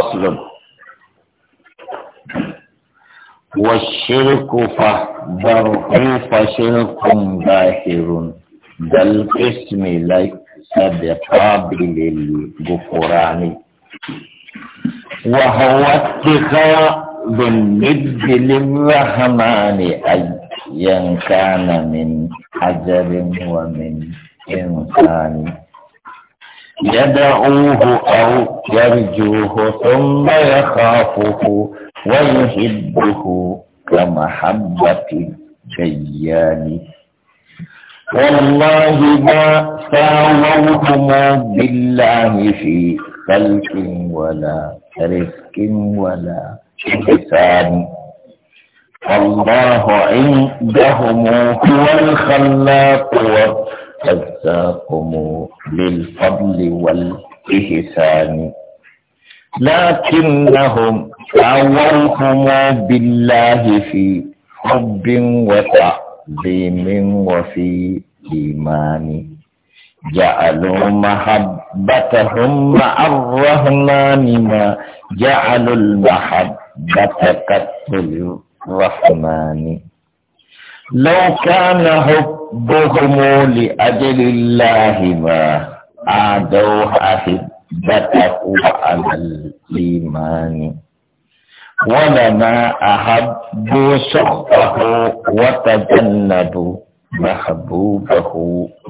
أصل والشرك فاحذر كيف شرك ظاهر ذا القسم ليس بقابل الغفران وهو اتخاذ الند للرحمن أيا كان من حجر ومن إنسان يدعوه أو يرجوه ثم يخافه ويحبه كمحبة الديان والله ما ساوهما بالله في خلق ولا رزق ولا إحسان الله عندهم هو الخلاق والخلاق جزاكم بالفضل والإحسان لكنهم أولهم بالله في حب وتعظيم وفي إيمان جعلوا محبتهم مع الرحمن ما جعلوا المحبة كالرحمن لو كان حبهم لأجل الله ما أعدوا أحبته على الإيمان ولما أحبوا سخطه وتجنبوا محبوبه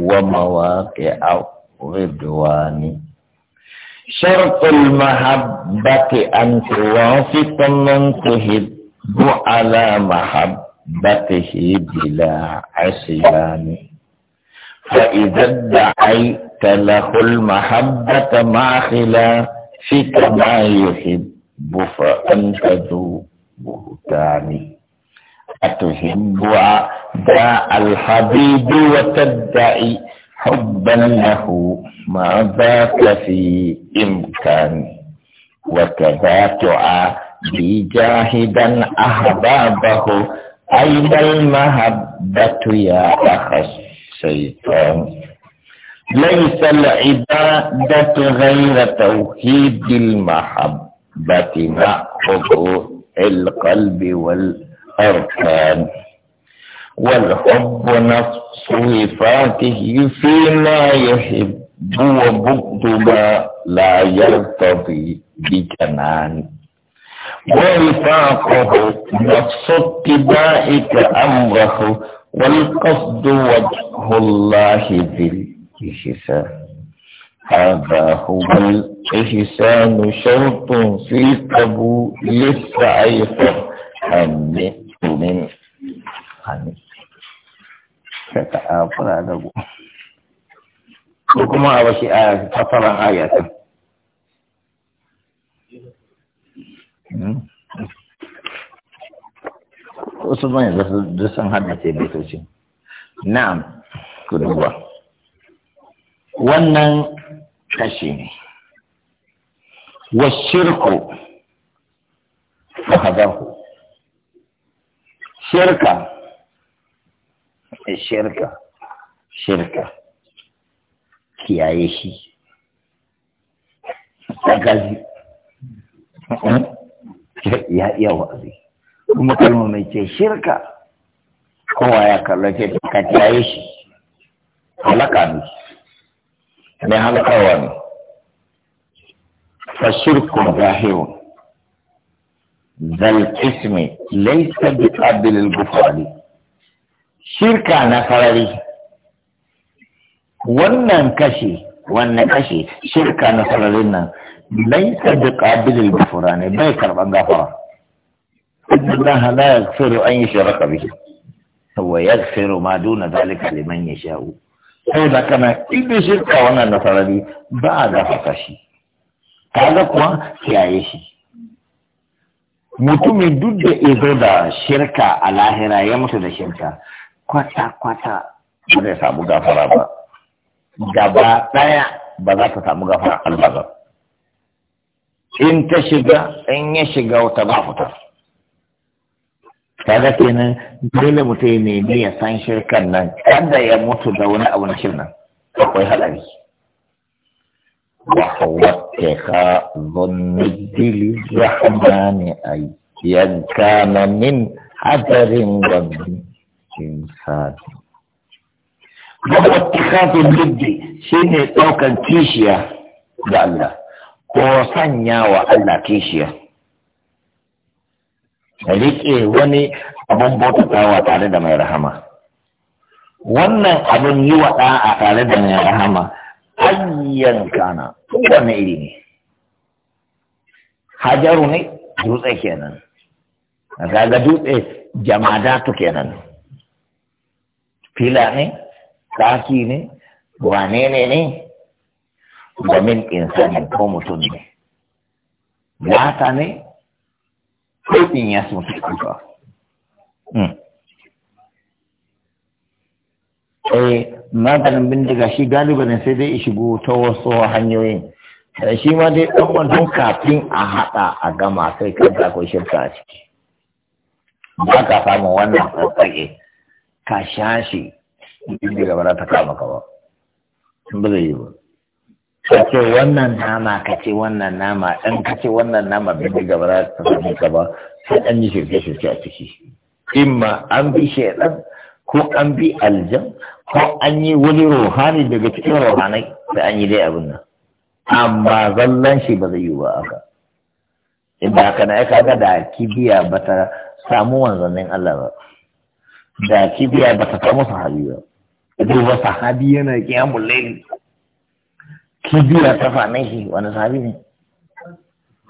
ومواقع الرضوان شرط المحبة أن توافق من تحب على محبة بقه بلا عصيان فإذا ادعيت له المحبة مع فيك ما يحب فأنت ذو بهتان أتحب عداء الحبيب وتدعي حبا له ما ذاك في إمكان وكذا تعادي جاهدا أحبابه أين المهبة يا أخ الشيطان ليس العبادة غير توحيد المحبة مع حضور القلب والأركان والحب نفس صفاته فيما يحب وبغض ما لا يرتضي بجنان ووفاقه نفس اتباعك أمره والقصد وجه الله ذي الإحسان هذا هو الإحسان شرط في قبول السعي فهنئ من هنئ فتعاطى له وكما أوشي آية فطرا آية wasu mai da sun haddace baitocin na'am ku duba wannan kashi ne washirku ku shirka eh, shirka shirka kiyaye shi tsakazi hmm? ya iya wa'azi kuma kalma mai ce shirka kowa ya kalla ce ka tiyaye shi halaka ne ne halakawa ne shirku zahirun zal ismi laysa bi al bukhari shirka na farari wannan kashi, wannan kashi shirka na farari nan laisa bi qabilil ghufrani bai karban gafara inna allaha la yaghfiru an yushraka bihi wa yaghfiru ma duna zalika liman yasha'u da kana idan shirka wannan nasarari ba a gafarta shi kaga kuwa kiyaye shi mutumin duk da izo da shirka a lahira ya mutu da shirka kwata-kwata ba zai samu gafara ba gaba daya ba za ta samu gafara albazar in ta shiga in ya shiga wata ba fita kaga kenan dole mutum ne ya san shirkan nan kada ya mutu da wani abu na shirkan akwai hadari wa hawwattaka dhunnidil rahmani ay yankana min hadarin rabbi insani wa hawwattaka dhunnidil shine ɗaukar kishiya da Allah ko sanya wa Allah kishiya riƙe wani abin bautatawa tare da mai rahama wannan abin yi wa ɗa'a tare da mai rahama ayyan kana kowane iri ne hajaru ne dutse kenan gaga dutse datu kenan fila ne ƙaki ne wane ne ne da min insanin ko mutum ne Mata ne ko in ya sun fi kuka hmm. eh maganin bindiga shi ne sai dai shigo ta wasu hanyoyin eh, shi ma dai ɗan wannan kafin a haɗa a gama sai kan ko shirka a ciki ba ka samun wannan tsatsage ka sha shi inda gaba ta kama ka ba ba zai yi ba ka ce wannan nama ka ce wannan nama ɗan ka ce wannan nama bai bi gaba za ta sami ka sai an yi shirke-shirke a ciki imma an bi shaidan ko an bi aljan ko an yi wani ruhani daga cikin ruhanai da an yi dai abin nan amma zallan shi ba zai yi ba haka inda haka na aka ga da kibiya ba ta samu wanzannin Allah ba da kibiya ba ta samu sahabi ba duba sahabi yana kiyamun laili kibiya ta same shi wani sabi ne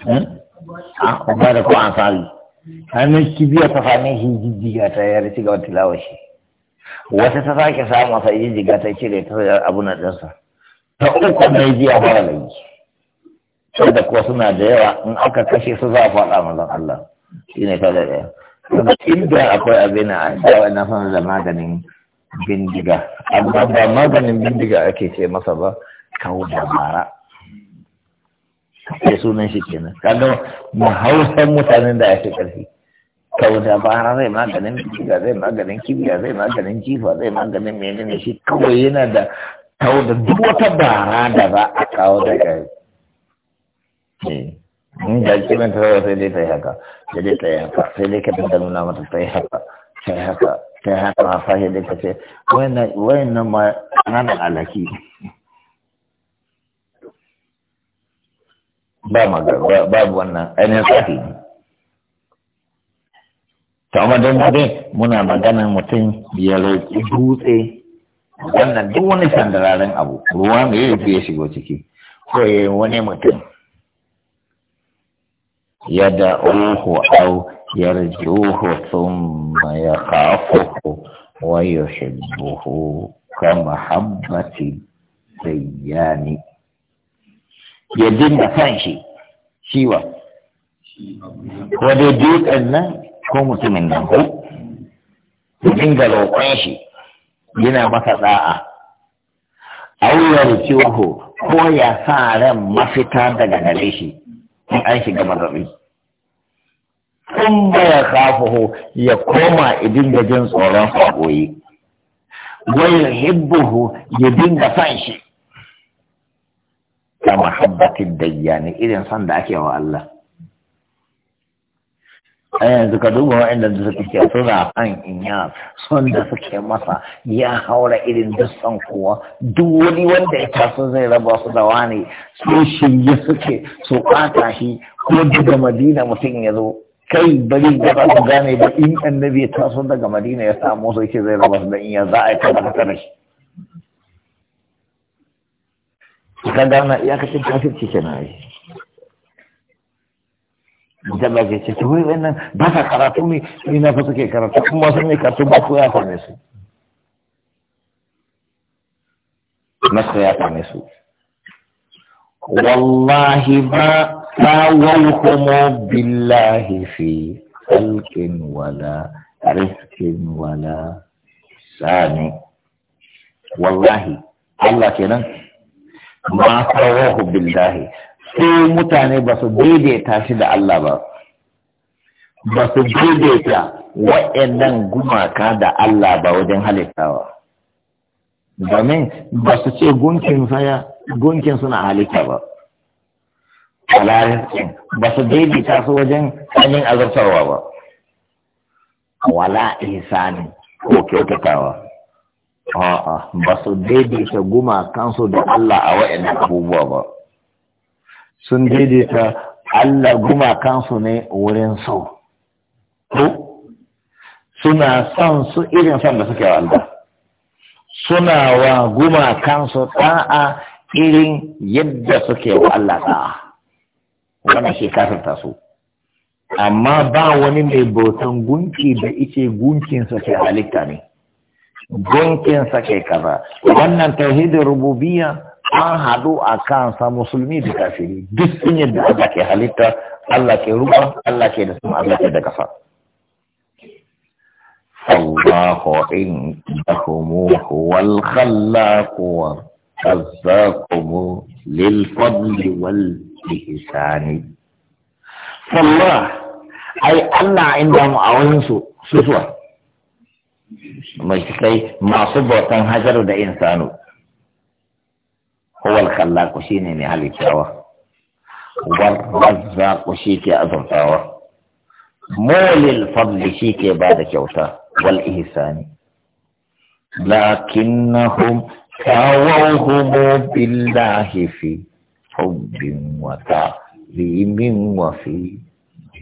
hmm? a ah, kuma da kuma an sabi hannun kibiya ta same shi jijjiga ta yare ci gaba tilawa shi wata ta sake samu sai jijjiga ta cire ta abu na ɗansa? ta uku na ji a fara lagi sai da kuwa suna da yawa in aka kashe su za a faɗa mazan Allah shi ne ta da ɗaya inda akwai abin a yawa na sanar da maganin bindiga amma ba maganin bindiga ake ce masa ba kau da bara sai sunan shi kenan kaga mu hausan mutanen da ya karfi ƙarfi kau da bara zai maganin kibiya zai maganin kibiya zai maganin jifa zai maganin menene shi kawai yana da kau da duk wata bara da za a kawo daga in eh, da kiran ta zama sai dai ta yi haka sai dai ta yi haka sai dai ka dinga nuna mata ta yi haka ta yi haka ta yi haka a fahimta dai ka ce wayan nan ma da alaki ba magana babu wannan ainihin sati ne amma don muna magana mutum ya roƙi dutse wannan duk wani sandararen abu ruwa mai yi fiye shigo ciki ko ya yi wani mutum ya da ohu au ya sun ma ya khafuhu wa yuhibbuhu ka mahabbati ni. ya dinga kan shi shiwa ko dai dutsen nan ko mutumin nan ko ya dinga roƙon shi yana masa da'a auyar ciwo ko ya sa ran mafita daga gare shi in an shiga matsatsi kun baya kafaho ya koma idin da jin tsoron saboyi wai hibbuhu ya dinga fanshi. ka mahabbatin dayyani irin son da ake wa Allah a yanzu ka duba waɗanda da suke ke suna kan inya son da suke masa ya haura irin dussan kowa duk wani wanda ya taso zai raba su da wani su shirye suke su ɓata shi ko daga madina mutum ya zo kai bari da za su gane da in annabi ya taso daga madina ya samu su ke zai raba su da inya za a yi kan da shi ka gana iyakacin kafirci ke na yi da ba ke ce ta wai wannan ba sa karatu ne ni na fa suke karatu kuma sun ne karatu ba ko ya same su nasu ya same su wallahi ba tawawhumu billahi fi khalqin wala rizqin wala sani wallahi Allah kenan ma farahu billahi sai mutane ba su daidaita shi da Allah ba ba su daidaita wa'annan gumaka da Allah ba wajen halittawa domin ba su ce gunkin saya gunkin suna halitta ba alarincin ba su daidaita su wajen hanyar azartarwa ba wala ihsani ko kyautatawa a'a ba su daidaita gumakansu da Allah a wa'annan abubuwa ba sun daidaita Allah gumakansu ne wurin Ko? suna son su irin son da suke wa Allah suna wa gumakansu ɗa'a irin yadda suke wa Allah ɗa'a wannan shi kafirta su amma ba wani mai bautan gunki da ice gunkinsa ke halitta ne gunkin ke kaza wannan tauhidin rububiya an haɗu a kansa musulmi da kafiri duk sun yadda Allah ke halitta Allah ke ruba Allah ke da sama Allah ke da kafa Allahu in dahumu wal khallaqu wa razaqakum lil fadli wal ihsani Allah ai Allah inda mu a wani su su suwa مشركي معصوب وطن هجر ده إنسانه هو الخلاق وشيني نهالي تاوه والرزاق شيكي أذر تاوه مول الفضل شيكي بعد كوتا والإحسان لكنهم كاوهم بالله في حب وتعظيم وفي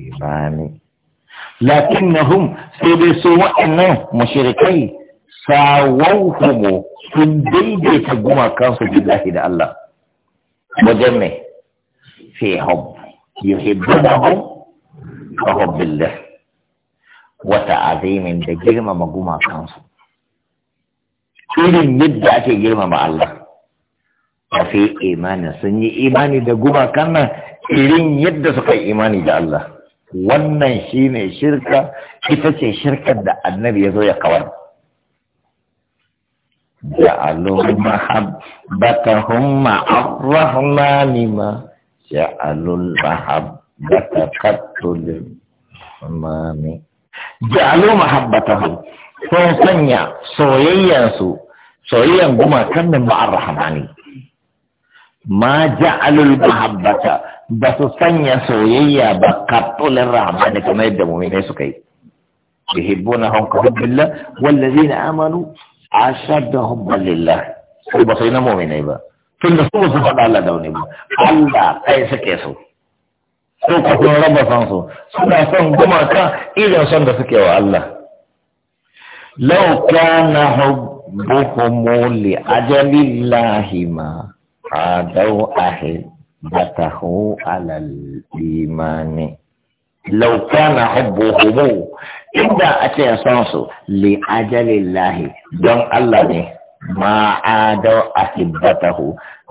إيمان na hun sai dai su waɗannan sawon sawawhumu sun daidaita gumakansu billahi da Allah wajen mai fi hub A ka hubbillah wata azimin da girmama gumakansu irin yadda ake girmama Allah a fi imani sun yi imani da gumakan nan irin yadda suka yi imani da Allah wannan shi ne shirka ita ce shirkar da annabi ya zo ya kawar ja'alu mahabbatahum ma ja'alu sun sanya soyayyansu soyayyan gumakan ma'ar ma'arrahmani ma ja'alul mahabbata ba su sanya soyayya ba kattulin rahmani kamar yadda mu'minai suka yi yuhibbuna hum ka hubbillah wallazina amanu ashadda hubban lillah su ba sai na mu'minai ba tun da su ba su faɗa Allah da wani ba Allah kai suke so su ka kuma raba san So suna son gumaka irin son da suke wa Allah law kana hubbuhum li ajalillahi ma adau ahi batahu alal imani laukana hubbu hubu inda a ce ya san su li ajali lahi don Allah ne ma adau ahi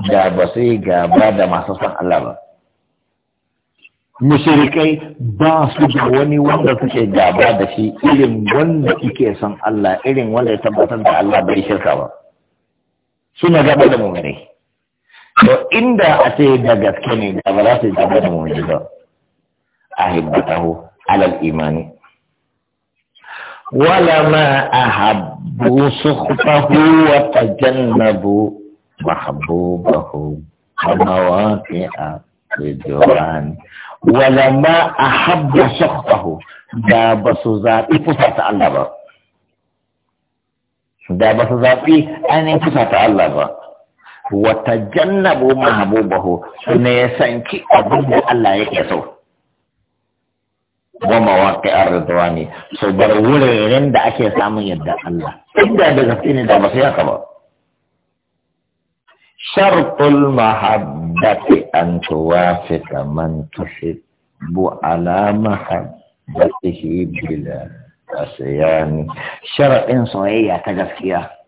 da ba su yi gaba da masu san Allah ba mushirikai ba su da wani wanda suke gaba da shi irin wanda suke son Allah irin wanda ya tabbatar da Allah bai shirka ba suna gaba da mu'mini to inda a ce da gaske ne da ba za su zama da mummuni ba a hibbatahu alal imani wala ma a habbu sukhtahu wa tajannabu mahbubahu mawaqi'a ridwan wala ma a habbu sukhtahu da ba su zaɓi fusata Allah ba da ba su zaɓi ainihin fusata Allah ba wata jannabu mahabubahu ne ya sanki abin da Allah yake so wa rizuwa ne so bar wurin da ake samun yadda Allah inda da gaske ne da masu yaka ba shartul mahabbati an tuwafiqa man tuhibbu ala mahabbatihi bila asyani Sharaɗin soyayya ta gaskiya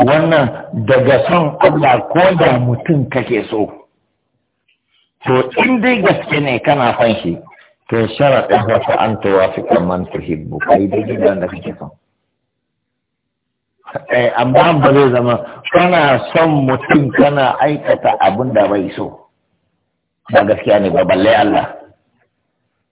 wannan daga son Allah ko da mutum kake so to in dai gaske ne kana son shi to sharaɗin wasu an tawa tuwafiƙa man hibbu, kai dai gidan da kake son eh, amma ba zai zama kana son mutum kana aikata abin da bai so ba gaskiya ne ba balle Allah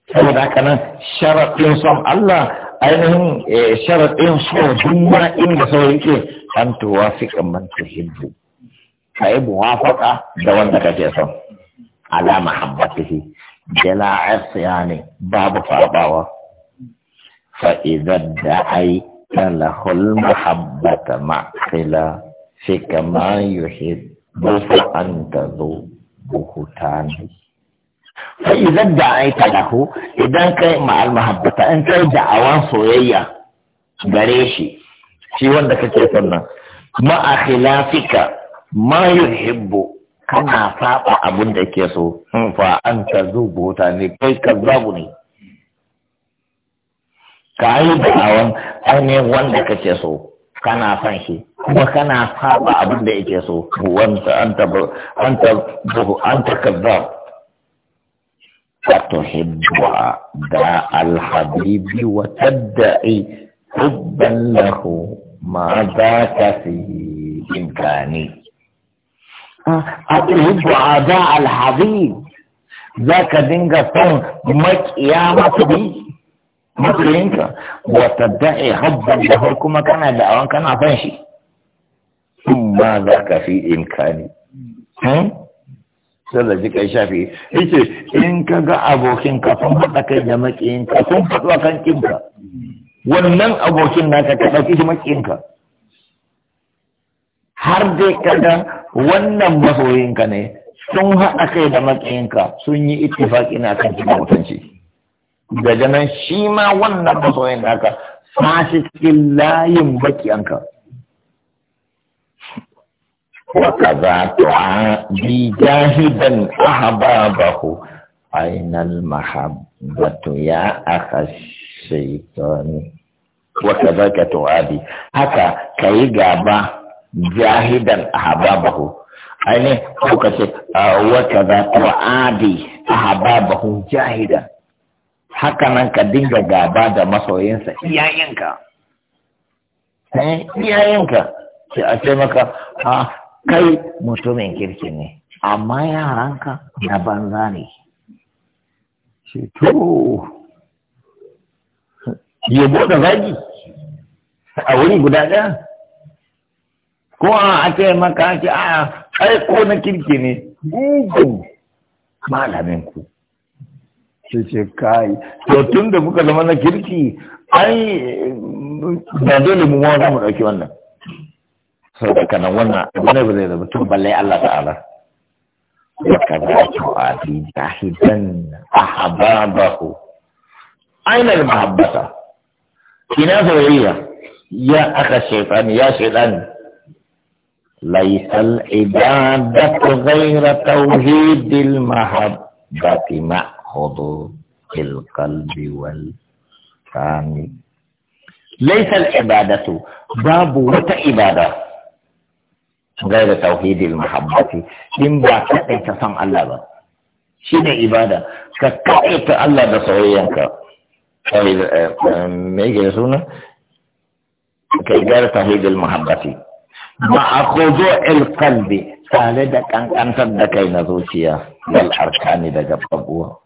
saboda haka nan sharaɗin son Allah ainihin eh, sharaɗin son juma inda sauri ke an tuwa fi kamar ta hibbu ka yi muwafaka da wanda kake son ala mahabbatihi jala arsiya ne babu faɗawa fa'idar da ai talahul mahabbata ma'akila fi kama yuhibbu bufa an buhuta buhutani fa idan da'aita lahu idan kai ma'al mahabbata in kai da'awan soyayya gare shi shi wanda kake sannan ma'a khilafika ma yuhibbu kana saba abin da ke so fa an ta zubuta ne kai kazzabu ne ka yi da'awan ainihin wanda kake so kana son shi kuma kana saba abin da yake so wanda an ta an ta an ta kazzabu فتحبها داء الحبيب وتدعي حبا له ما ذاك في إمكاني آه، أتحب أعداء الحبيب ذاك دينك صن مك يا مصري مصرينك وتدعي حبا له كما كان دعوان كان عفنشي ما ذاك في إمكاني sallar ji kai shafi yace in ka ga abokin ka sun haɗa kai da makiyin ka sun faɗo a kan kinka wannan abokin naka ka ɗauki shi makiyin ka har dai ka ga wannan masoyin ka ne sun haɗa kai da makiyin ka sun yi ittifaqi na kan kina mutunci daga nan shi ma wannan masoyin naka fasikin layin bakiyanka waka za a to a bi jahidan aha ba a ba ku ya aka ṣe ito ni waka za ka to a bi haka ka yi gaba jahidan aha ba a ba ku ce waka za a to a bi a ba jahidan haka nan ka dinga gaba da masoyinsa iyayenka. Eh, iyayenka ce a ce maka ah, kai mutumin kirki ne amma yaranka na banza ne ce to yabo da zagi a wuri guda ɗaya ko a ake maka ce a kai ko na kirki ne gugu malamin ku sai ce kai to tun da kuka zama na kirki ai ba dole mu ma mu ɗauki wannan sau da kanan wannan wani ba zai zama tun balle Allah ta'ala wa kazatu abi jahidan ahbabahu aina al-mahabbata ina soyayya ya aka shaytan ya shaytan ليس العبادة غير توحيد المحبة مع حضور القلب والفم ليس العبادة باب وتعبادة غير توحيد المحبة إن باكتن كسان الله شين عبادة كتعيط الله دا سويانك طيب ميجي رسولنا كإدارة توحيد المحبة مع خضوع القلب سالدك كان أنت دكين زوجيا والأركان دا بابوها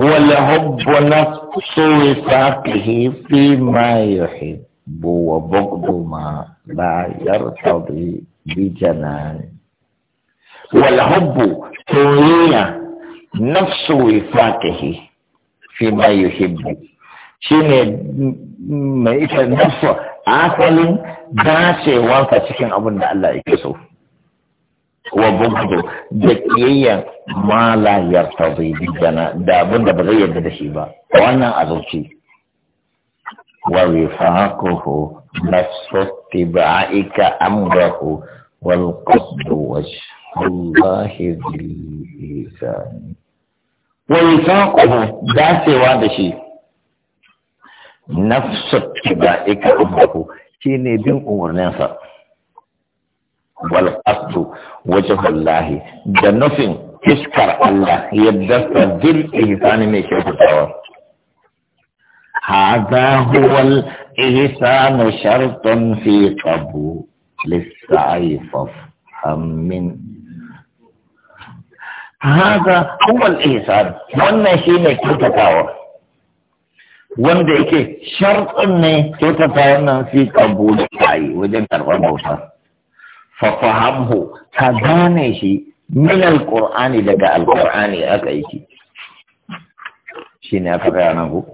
هو لهب نفس ساقه فيما يحب bowa bogdoma la yar tawbi bi janan wal hubbu tawiya nafsu ifatihi fi ma yuhibbu shine ma ita nafsu asalin dace wanka cikin abin da Allah yake so wa bugdu da kiyayya ma la yar bi janan da abin da ba zai yarda da shi ba wannan azuci ووفاقه نفس اتباعك أمره والقصد وجه الله ذي الإيثان ووفاقه ذات وادشي نفس اتباعك أمره شيني بين أمرنا والقصد وجه الله ده نفن iskar Allah yadda ka zil ihsani mai kyautatawa هذا هو الإحسان شرط في قبول السعي فافهم من هذا هو الإحسان وانا شيء نكتبه وانا ايكي شرط اني تتفاهم في قبول السعي وجن تربوشا ففهمه تداني شيء من القرآن لقى القرآن أكيد شيء نفعنا هو